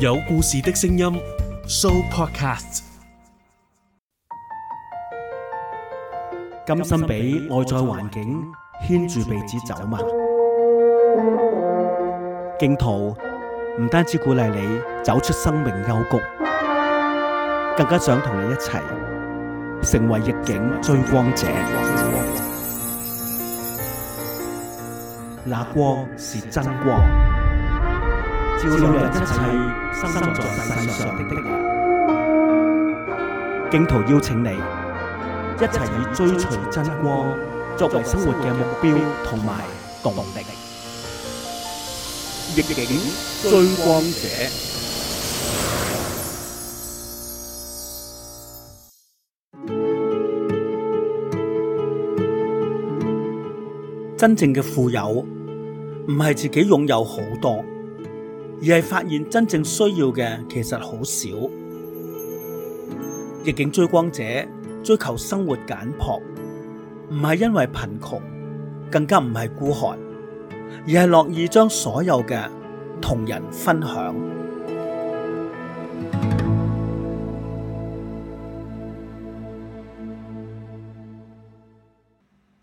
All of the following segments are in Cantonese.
有故事的聲音，Sooopodcast。甘心俾外在環境牽住鼻子走嘛？荊徒唔單止鼓勵你走出生命幽谷，更加想同你一齊成為逆境追光者。那光是真光。照亮一切生在世上的的人，荊徒邀請你一齊以追隨真光作為生活嘅目標同埋動力，逆境追光者。真正嘅富有，唔係自己擁有好多。而係發現真正需要嘅其實好少。逆境追光者追求生活簡朴，唔係因為貧窮，更加唔係孤寒，而係樂意將所有嘅同人分享，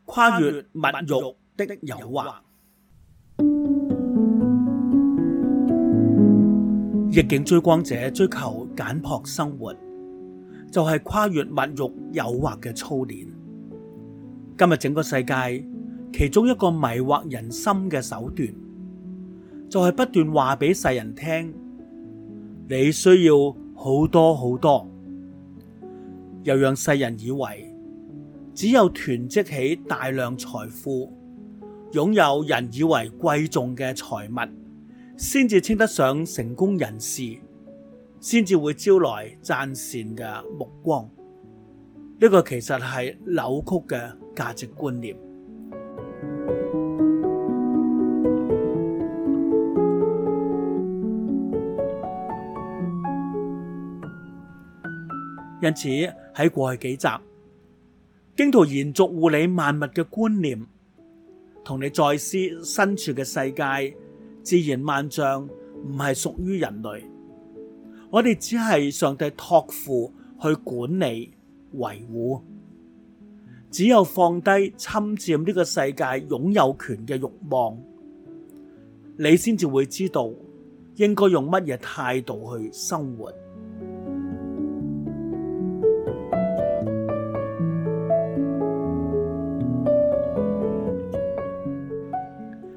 跨越物慾的誘惑。逆境追光者追求簡樸生活，就係跨越物慾誘惑嘅操練。今日整個世界其中一個迷惑人心嘅手段，就係不斷話俾世人聽，你需要好多好多，又讓世人以為只有囤積起大量財富，擁有人以為貴重嘅財物。先至稱得上成功人士，先至會招來讚羨嘅目光。呢、這個其實係扭曲嘅價值觀念。因此喺過去幾集，荊徒延續護理萬物嘅觀念，同你再思身處嘅世界。自然萬象唔係屬於人類，我哋只係上帝託付去管理、維護。只有放低侵佔呢個世界擁有權嘅慾望，你先至會知道應該用乜嘢態度去生活。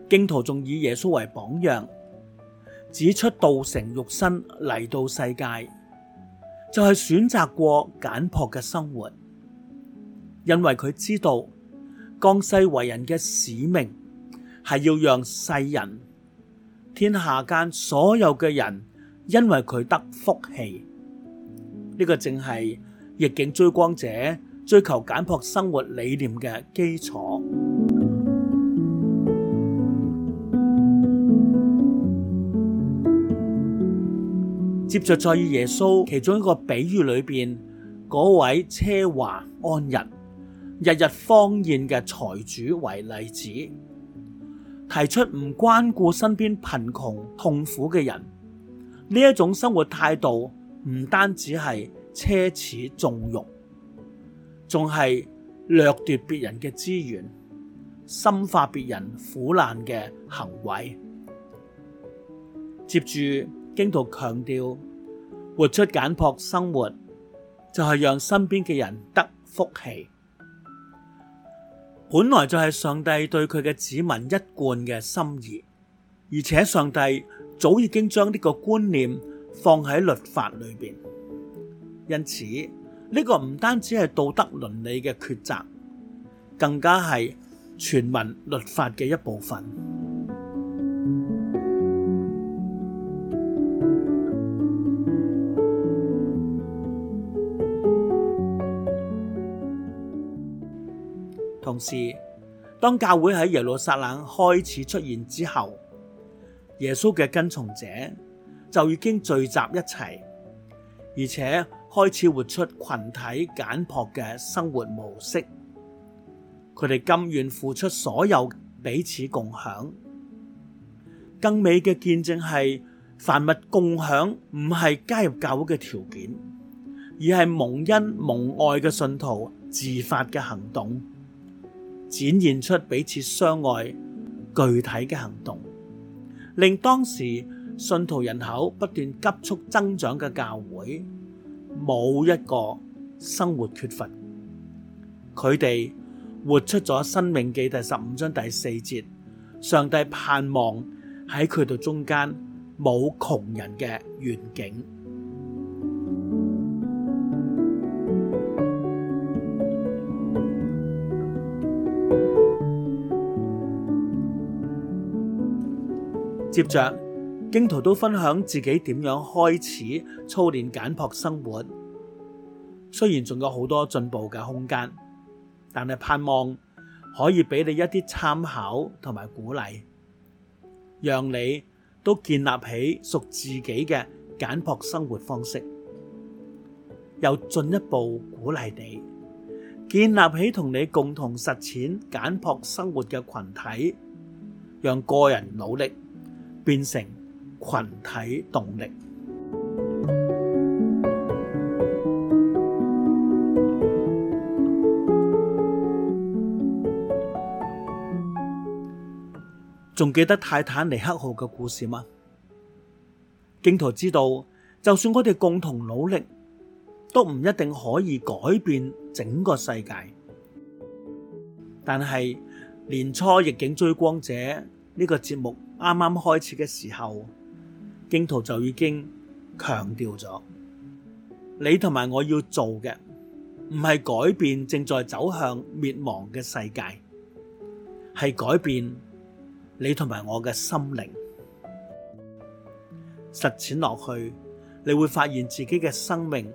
荊徒仲以耶穌為榜樣，指出道成肉身嚟到世界，就係、是、選擇過簡樸嘅生活，因為佢知道降世為人嘅使命係要讓世人、天下間所有嘅人因為佢得福氣。呢、這個正係逆境追光者追求簡樸生活理念嘅基礎。接着再以耶穌其中一個比喻裏邊嗰位奢華安逸日日荒宴嘅財主為例子，提出唔關顧身邊貧窮痛苦嘅人呢一種生活態度，唔單止係奢侈縱慾，仲係掠奪別人嘅資源、深化別人苦難嘅行為。接住。荊徒強調活出簡樸生活，就係、是、讓身邊嘅人得福氣。本來就係上帝對佢嘅子民一貫嘅心意，而且上帝早已經將呢個觀念放喺律法裏邊。因此呢、這個唔單止係道德倫理嘅抉擇，更加係全民律法嘅一部分。是當教會喺耶路撒冷開始出現之後，耶穌嘅跟從者就已經聚集一齊，而且開始活出群體簡樸嘅生活模式。佢哋甘願付出所有，彼此共享。更美嘅見證係，凡物共享唔係加入教會嘅條件，而係蒙恩蒙愛嘅信徒自發嘅行動。展現出彼此相愛具體嘅行動，令當時信徒人口不斷急速增長嘅教會，冇一個生活缺乏。佢哋活出咗申命記第十五章第四節，上帝盼望喺佢哋中間冇窮人嘅願景。接着，荊徒都分享自己點樣開始操練簡樸生活。雖然仲有好多進步嘅空間，但係盼望可以俾你一啲參考同埋鼓勵，讓你都建立起屬自己嘅簡樸生活方式。又進一步鼓勵你建立起同你共同實踐簡樸生活嘅群體，讓個人努力，變成群體動力。仲記得泰坦尼克號嘅故事嗎？基督徒知道，就算我哋共同努力，都唔一定可以改變整個世界。但係年初《逆境追光者》呢個節目。啱啱開始嘅時候，荊徒就已經強調咗，你同埋我要做嘅，唔係改變正在走向滅亡嘅世界，係改變你同埋我嘅心靈。實踐落去，你會發現自己嘅生命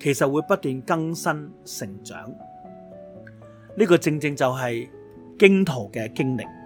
其實會不斷更新成長。呢個正正就係荊徒嘅經歷。